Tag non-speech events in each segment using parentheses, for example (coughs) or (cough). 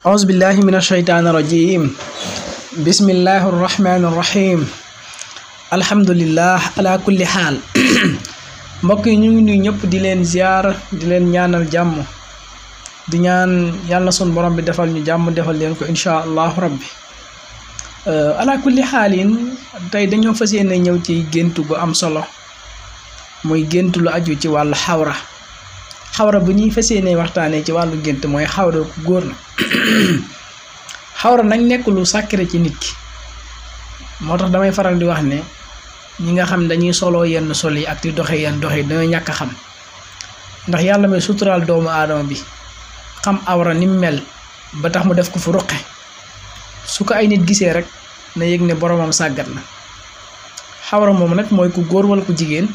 أعوذ بالله من الشيطان الرجيم بسم الله الرحمن الرحيم الحمد لله على mbokk yi ñu ngi nuyu ñëpp di leen ziar di leen ñaanal jàmm di ñaan yàlla sun borom bi defal ñu jàmm defal leen ko incha allahu rabbi uh, ala kulli xaalin tey dañoo fas yéene ñëw ci gént bu am solo muy gént lu aju ci wàllu xawra xawra bu ñuy fas yéene waxtaanee ci walu gënt moy xawra ku goor na (coughs) xawra nag nekk lu sàkkare ci nit ki motax damay faral di wax ne ñi nga xam dañuy solo yenn soli ak di doxé yenn doxé yi ñak xam ndax yalla may sutural doomu adam bi xam awra ni mel ba tax mu def ko fu ruqe su ko ay nit gisé rek na yegg ne boromam sagat na xawra mom nak moy ku goor wala ku jigen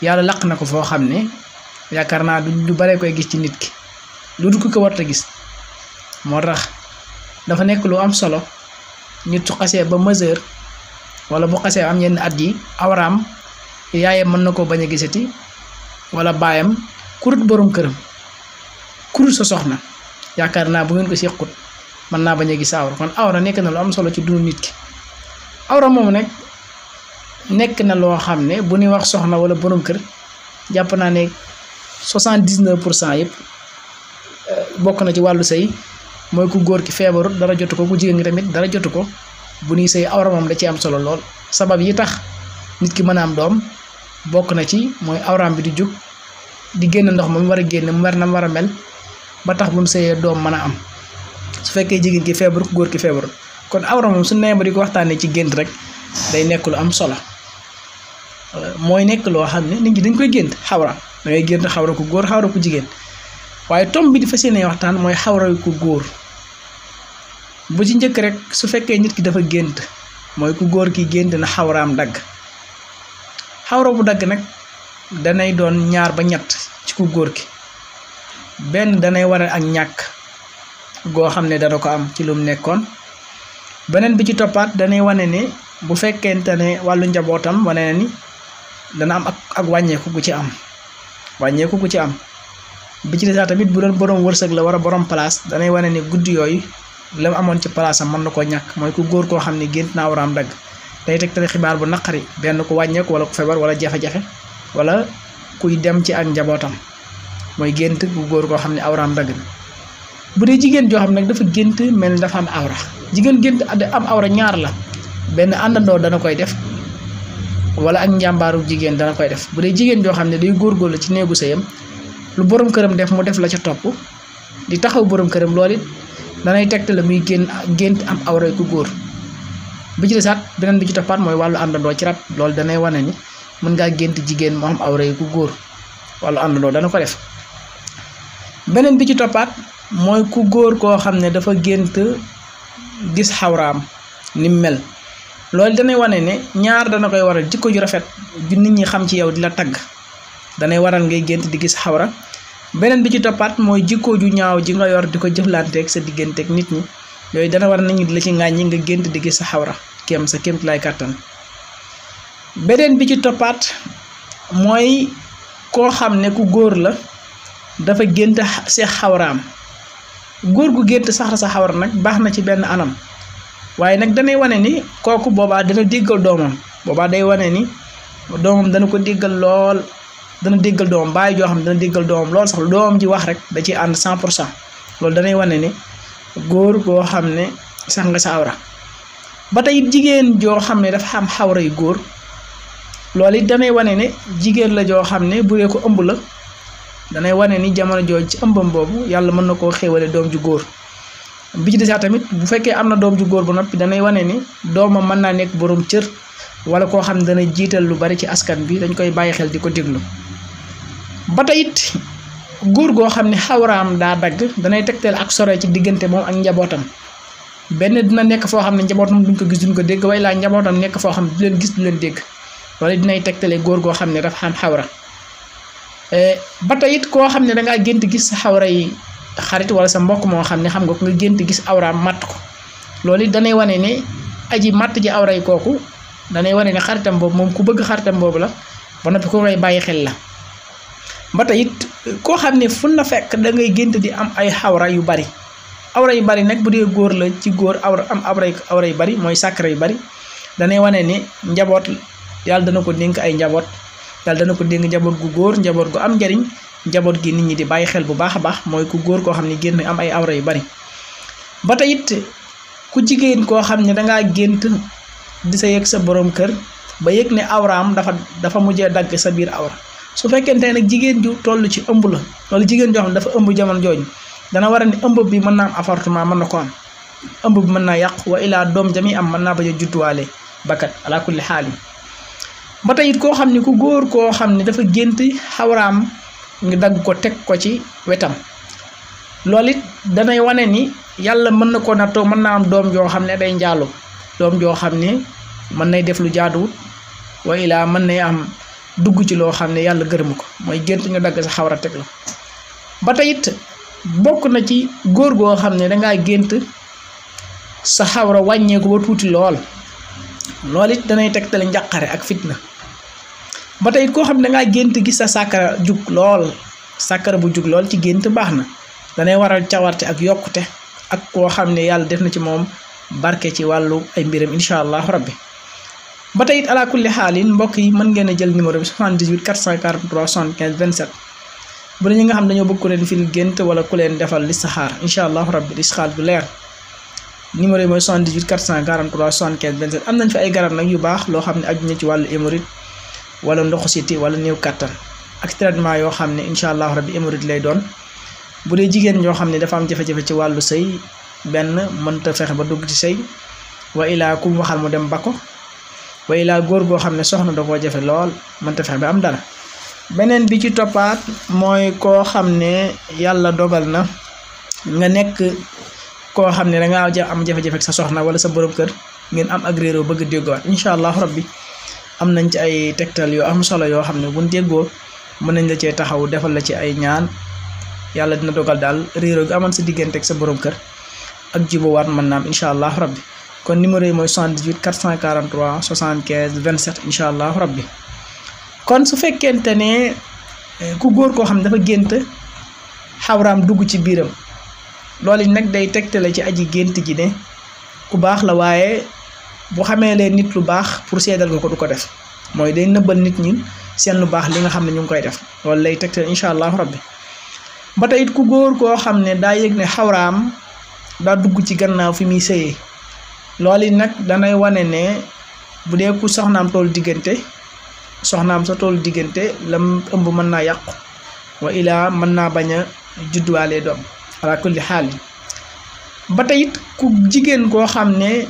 yalla laq nako fo xamne yakarna du du bare koy gis ci nit ki du du ko warta gis mo tax dafa nek lu am solo nit su xasse ba mesure wala bu xasse am yenn at yi yaayam man nako baña gisati wala bayam kurut borom kërëm kurut sa soxna yakarna bu ngeen ko xekut man na baña gis awra kon awra nek na lu am solo ci du nit ki awra mom nek nek na lo xamne bu ni wax soxna wala borom kër japp na ne 79 pour cent yëpp euh, bokk na ci wàllu sëy mooy ku góor ki feebarut dara jotu ko ku jigéen gi tamit dara jotu ko bu nuy sëy awra da ci am solo lool sabab yi tax nit ki mën a am doom bokk na ci mooy awraam bi di jug di génn ndox ma mu war a génn mu war na war a mel ba tax bu mu sëyee doom mën a am su fekkee jigéen ki feebarut ku góor ki feebarut kon awra moom su nee ba ko waxtaanee ci gént rek day nekk lu am solo euh, mooy nekk loo xam ne nit ñi dañ koy gént xawra da ngay gént xawra ku góor xawra ku jigéen waaye tom bi di fas yéene waxtaan mooy xawra ku góor bu ci njëkk rekk su fekkee nit ki dafa gént mooy ku góor ki gént na xawraam dagg xawra bu dagg nag danay doon ñaar ba ñett ci ku góor ki benn danay war ak ñàkk goo xam ne dana ko am ci lum nekkoon beneen bi ci toppaat danay wane ne bu fekkente ne wàllu njabootam wane ne ni dana am ak wàññeeku gu ci am wàññeeku ku ci am bi ci desaa tamit bu doon borom wërsëg la war a borom place danay wane ne guddi yooyu la mu amoon ci place mën na koo ñàkk mooy ku góor koo xam ni gént naa war a dagg day tegtale xibaar bu naqari benn ku wàññeeku wala ku feebar wala jafe wala kuy dem ci ak njabootam mooy gént bu góor koo xam ne awraam dagg na bu dee jigéen joo xam nag dafa gént mel ni dafa am awra jigéen gént am awra ñaar la benn àndandoo dana koy def wala ak njambaru jigen dana koy def budé jigen jigéen xamné day gor gor la ci néegu lu borom kërëm def mu def la ci top di taxaw borom këram loolu it tekte la muy gën gént am awray ku gor bu ci desaat benen bi ci topat moy walu andando ci rap lol danay wané ni mën ngaa gént jigen mo am awray ku gor walu andando dana ko def benen bi ci topat moy ku gor ko xamné dafa gis hawram ni mel lol dañay wané né ñaar dana koy waral jikko ju rafet bi nit ñi xam ci yow dila tag dañay waral ngay gënt di gis xawra benen bi ci topat moy jikko ju ñaaw ji nga yor diko jëflanté ak sa ak nit ñi yoy dana war nañu la ci ngaaññi nga gënt di gis xawra kem sa kémt lay kàttan benen bi ci topat moy ko xam ne ku goor la dafa gënt see xawraam goor gu gënt saxra sa xawra nak baxna ci ben anam waaye nag danay wane ni kooku boobaa dana déggal doomam boobaa day wane ni doomam dana ko déggal lool dana déggal doomam bàyyi joo xam ne dana déggal doomam lool sax lu doomam ji wax rek da ciy ànd cent pour cent loolu danay wane ni góor boo xam ne sax nga sa awra ba tey jigéen joo xam ne dafa xam xawra yu góor loolu it danay wane ne jigéen la joo xam ne bu dee ko ëmb la danay wane ni jamono joo ci ëmbam boobu yàlla mën na koo xéewale doom ju góor bi ci des tamit bu fekkee am na doom ju góor bu noppi danay wane ni doomam mën naa nekk boroom cër walla koo xam ne dana jiital lu bari ci askan bi dañ koy bàyyi xel di ko déglu ba tey it góor goo xam ne xawraam daa dagg danay tegteel ak sore ci diggante moom ak njabootam benn dina nekk foo xam ne njabootam duñ ko gis ko dégg waaye laa njabootam nekk foo xam ne du leen gis du leen dégg walla dinay tegtale góor goo xam ne dafa xam xawra eh, ba tey it koo xam ne dangaa gént gis xawra yi xarit wala sa mbokk moo xam ne xam nga ko nga gént gis awra mat ko loolu it danay wane ne aji matt ji awray kooku danay wane ne xaritam boobu moom ku bëgg xaritam boobu la ba noppi ko koy bàyyi xel la ba tey it koo xam ne fu na fekk da ngay gént di am ay xawra yu bari awra yu bari nag bu dee góor la ci góor awr am awray awra yu bari mooy sàkkara yu bari danay wane ne njaboot yàlla dana ko dénk ay njaboot yàlla dana ko dénk njaboot gu góor njaboot gu am njariñ njabot gi nit ñi di bayyi xel bu baax a baax mooy ku góor koo xam ne génn am ay awra yu bari ba tey it ku jigéen koo xam ne dangaa gént di sa yëg sa borom kër ba yëg ne awram dafa dafa mujjee dagg sa biir awra su fekkente nag jigéen ju toll ci ëmb la wala jigéen joo xam ne dafa ëmb jamon jooju dana war ni ne ëmb bi mën naa am appartement mën na ko am ëmb bi mën naa wa ila doom jami am mën naa bañ a bakat ala kulli xaal ba tey it koo xam ne ku góor koo xam ne dafa gént xawraam ñu dagg ko teg ko ci wetam loolu it danay wane ni yàlla mën na ko nattoo mën naa am doom joo xam ne day njaalu doom joo xam ne mën nay def lu jaaduwut wa ilaa mën nay am dugg ci loo xam ne yàlla gërëm ko mooy gént nga dagg sa xawra teg la ba tey it bokk na ci góor goo xam ne dangaa gént sa xawra wàññeeku ba tuuti lool loolu it danay teg tegtale njàqare ak fitna ba tey koo xam ne dangaa gént gis sa sàkkara jug lool sàkkara bu jug lool ci gént baax na danay waral cawarte ak yokkute ak koo xam ne yàlla def na ci moom barke ci wàllu ay mbiram incha allahu rabbi ba tey it xaalin mbokk yi a jël numéro bi 78 443 75 27 bu dee nga xam dañoo bëgg ku leen fil gént wala ku leen defal listixaar incha allahu rabbi listixaar bu leer numéro yi mooy 78 443 75 am nañ fi ay garab nag yu baax loo xam ne aju na ci wàllu hémorroïde wala ndox siti wala new katan ak traitement yo xamne inshallah rabbi hémorroïde lay don bu jigen ño xamne dafa am jafé jafé ci sey ben mën ta fexe ba dugg ci sey wa ila kum waxal mu dem bako wa ila gor go xamne soxna da jafé jafe mën ta fexe ba am dara benen bi ci topat moy ko xamne yalla dogal na nga nek ko xamne da nga am jafé jafe sa soxna wala sa borom kër ngeen am ak rero bëgg déggo incha rabbi am nañ ci ay tegtal yoo am solo yoo xam ne buñ déggoo mën nañ la cee taxaw defal la ci ay ñaan yàlla dina dogal daal réeroo gi amoon sa diggante ak sa borom kër ak jubawaat mën naa am incha allah rabbi kon numéro yi mooy 78 443 75 27 incha allah rabbi kon su fekkente ne eh, ku góor koo xam ne dafa gént xawraam dugg ci biiram loolu nag day tegtale ci aji gént ji ne ku baax la waaye. xamé lé nit lu bax pour seedal ko duko def moy day neubal nit ñi seen lu bax li nga xamné ñu koy def lay tegtal rabbi ba tayit ku goor ko xamné ne daa yëg ne xawraam dugg ci gannaaw fi muy loli nak da nay wané né bu dé ku soxnam tol digënté soxnam sa tol digënté lam ëmb mën na yaq wa ila mën na baña a judduwaale doom ala kulli hal ba tayit ku jigen ko xamné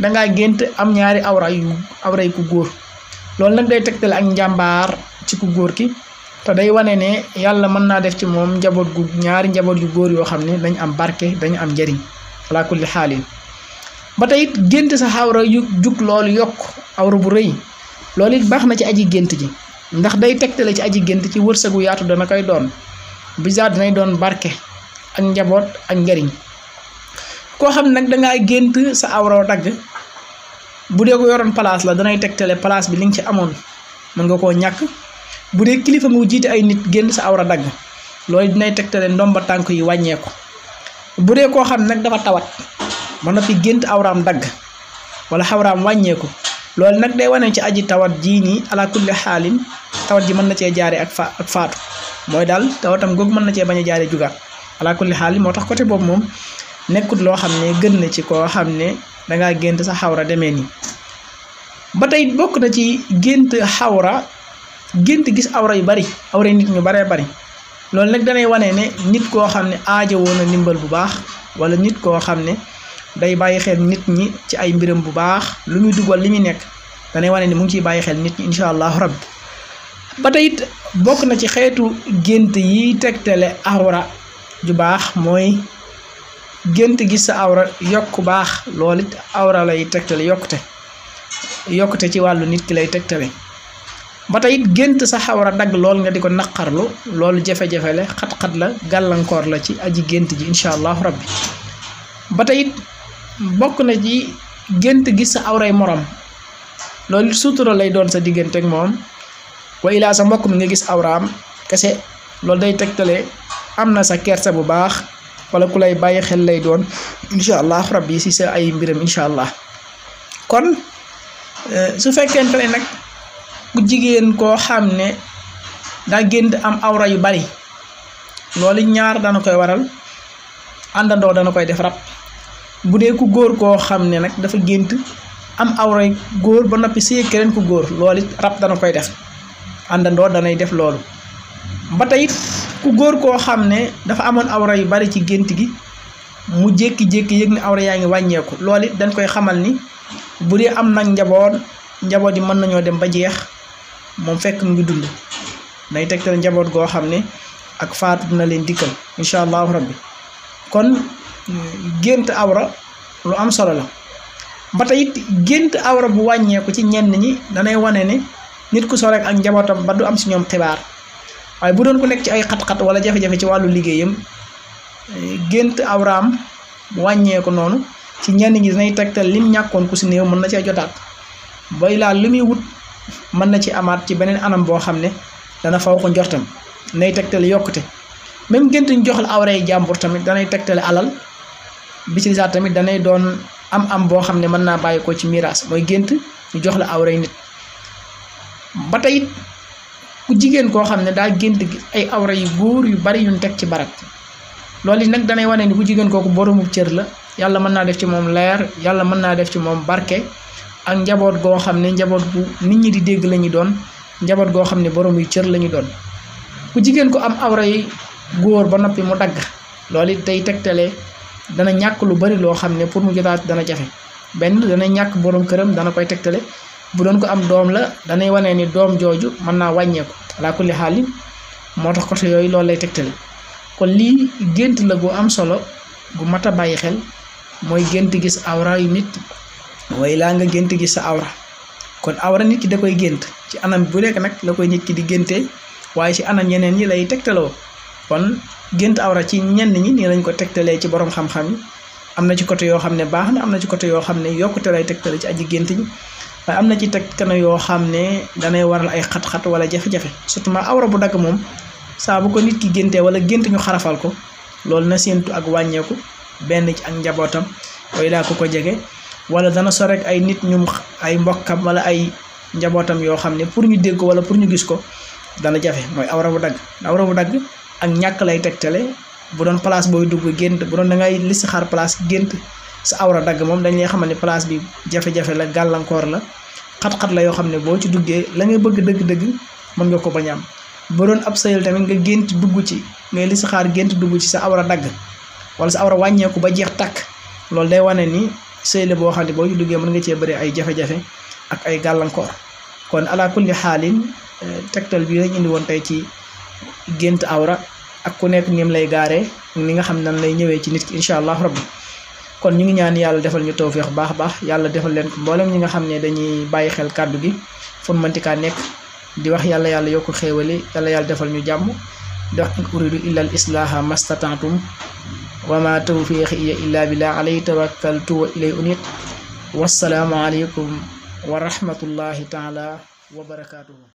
dangaa gént am ñaari awra yu awra yu ku góor loolu nag day tegtale ak njàmbaar ci ku góor ki te day wane ne yàlla mën naa def ci moom njaboot gu ñaari njaboot yu góor yoo xam ne dañu am barke dañu am njëriñ ala kulli xaalin ba tey it gént sa xawra yu jug loolu yokk awra bu rëy loolu it baax na ci aji gént ji ndax day tegtale ci aji gént ci wërsëgu yaatu dana koy doon bisaat dinay doon barke ak njaboot ak njëriñ ko xam neng da ngaa gënt sa awro dag. bu dee ko yoron place la tek tegtale place bi li nga ci amone mën nga ko ñak bu kilifa mu ay nit gënt sa awra dagg loolu tek tegtale ndomba tank yi ko bu dee ko xam nak dafa tawat mën na fi gënt awram dag wala wañé ko neng nak day wone ci aji tawat ji ni ala kulli halin. tawat ji man na ci jaare ak fa ak fatu moy dal tawatam juga. man na ci baña jaare ala kulli halin motax côté mom. nekkut loo xam ne gën na ci koo xam ne dangaa gént sa xawra deme nii ba bokk na ci gént xawra gént gis awra yu bari awra nit ñu baree bari loolu nag danay wane ne nit koo xam ne aajowoo na ndimbal bu baax wala nit koo xam ne day bàyyi xel nit ñi ci ay mbiram bu baax lu muy dugg li muy nekk danay wane ne mu ngi ciy bàyyi xel nit ñi incha allahu rabbi ba bokk na ci xeetu gént yi tegtale awra ju baax mooy gént gis sa awra yokk baax loolu it awra lay tegtale yokkute yokkute ci wàllu nit ki lay tegtale ba tey it gént sa xawra dagg lool nga di ko naqarlu loolu jafe-jafe la xat-xat la gàllankoor la ci aji gént ji incha allahu rabbi ba tey it bokk na ji gént gis sa awray morom loolu suutura lay doon sa diggante ak moom wa ilaa sa mbokk mi nga gis awraam kese loolu day tegtale am na sa kersa bu baax wala ku lay baye xel lay doon inshallah rabbi si sa ay mbiram inshallah kon eh, su fekkente ne nag ku jigen ko xamne da daa am awra yu bari loolu ñaar na koy waral da na koy def rap budé ku gor ko xamne nak dafa gént am awra gor ba nopi sey keneen ku gor loolu rap da na koy def da nay def loolu batay ku góor koo xam ne dafa amoon awra yu bari ci gént gi mu jékki-jékki yëg ni awra yaa ngi wàññeeku loolu it dañ koy xamal ni bu dee am nag njaboot njaboot yi mën nañoo dem ba jeex moom fekk mu ngi dund day tegtal njaboot goo xam ne ak faatu dina leen dikkal incha allahu rabbi kon gént awra lu am solo la ba tey it gént awra bu wàññeeku ci ñenn ñi danay wane ne nit ku sore ak njabootam ba du am si ñoom xibaar waaye bu doon ku nekk ci ay xat-xat wala jafe-jafe ci wàllu liggéeyam gént Abraham wàññeeku noonu ci ñenn ñi nay tegtal lim ñàkkoon ku si néew mën na cee jotaat bay laa li muy wut mën na ci amaat ci beneen anam boo xam ne dana faw ko njortam nay tegtal yokkute même gént ñu jox la awray jàmbur tamit danay tegtale alal bi ci lisaat tamit danay doon am-am boo xam ne mën naa bàyyi ko ci miraas mooy gént ñu jox la awray nit ba tey ku jigéen koo xam ne daa gént ay awra yu góor yu bari yuñ teg ci barab loolu nag danay wane ni ku jigéen kooku boroomu cër la yàlla mën naa def ci moom leer yàlla mën naa def ci moom barke ak njaboot goo xam ne njaboot bu nit ñi di dégg lañuy doon njaboot goo xam ne borom yu cër lañuy doon ku jigéen ko am awra yi góor ba noppi mu dagg loolu it tey tegtale dana ñàkk lu bari loo xam ne pour mu jotaat dana jafe benn dana ñàkk boroom këram dana koy tegtale bu doon ko am doom la danay wane ni doom jooju mën naa wàññeeku ala kulli moo tax côté yooyu loolu lay tegtali kon lii gént la gu am solo gu mat a bàyyi xel mooy gént gis awra yu nit way laa nga gént gis sa awra kon awra nit ki da koy gént ci anam bu nekk nag la koy nit ki di géntee waaye ci anam yeneen yi lay tegtaloo kon gént awra ci ñenn ñi nii lañ ko tegtalee ci borom xam-xam yi am na ci côté yoo xam ne baax na am na ci côté yoo xam ne yokkute lay tegtale ci aji gént ñi waaye am na ci teg kana yoo xam ne danay waral ay xat-xat wala jafe-jafe surtout ma awra bu dagg moom saa bu ko nit ki géntee wala gént ñu xarafal ko loolu na séentu ak wàññeeku benn ci ak njabootam yooyu daa ko ko jege wala dana so rek ay nit ñu ay mbokkam wala ay njabootam yoo xam ne pour ñu dégg ko wala pour ñu gis ko dana jafe mooy awra bu dagg awra bu dagg ak ñàkk lay teg tegtale bu doon place booy dugg gént bu doon da ngay listixaar place gént sa awra dag mom dañ lay xamal ni place bi jafé jafé la galankor la khat khat la yo xam bo ci duggé la ngay bëgg dëgg-dëgg man nga ko bañam bu doon ab sayal tamit nga gént dugg ci ngay li saxaar gént dugg ci sa awra dag wala sa awra ko ba jeex tak lol day wané ni sëy bo boo bo ci duggé man nga ci bëré ay jafé jafé ak ay galankor kon ala kulli halin eh, tektal bi lañ indi won tay ci gënt awra ak ku nekk nim lay garé ni nga xam nan lay ñëwé ci nit ki allah rabbi kon ñu ngi ñaan yàlla defal ñu tawféex bu baax baax yàlla defal leen ko ñi nga xam ne dañuy bàyyi xel kàddu gi fon mantikaa nekk di wax yàlla yàlla yokk xéewali yàlla yàlla defal ñu jàmm di wax a uridu illa al islaaha mastataatum wa ma tawfiqi iya illa billah alayhi tawakkaltu wa ilay unit wasalaamu aleykum wa rahmatullahi taala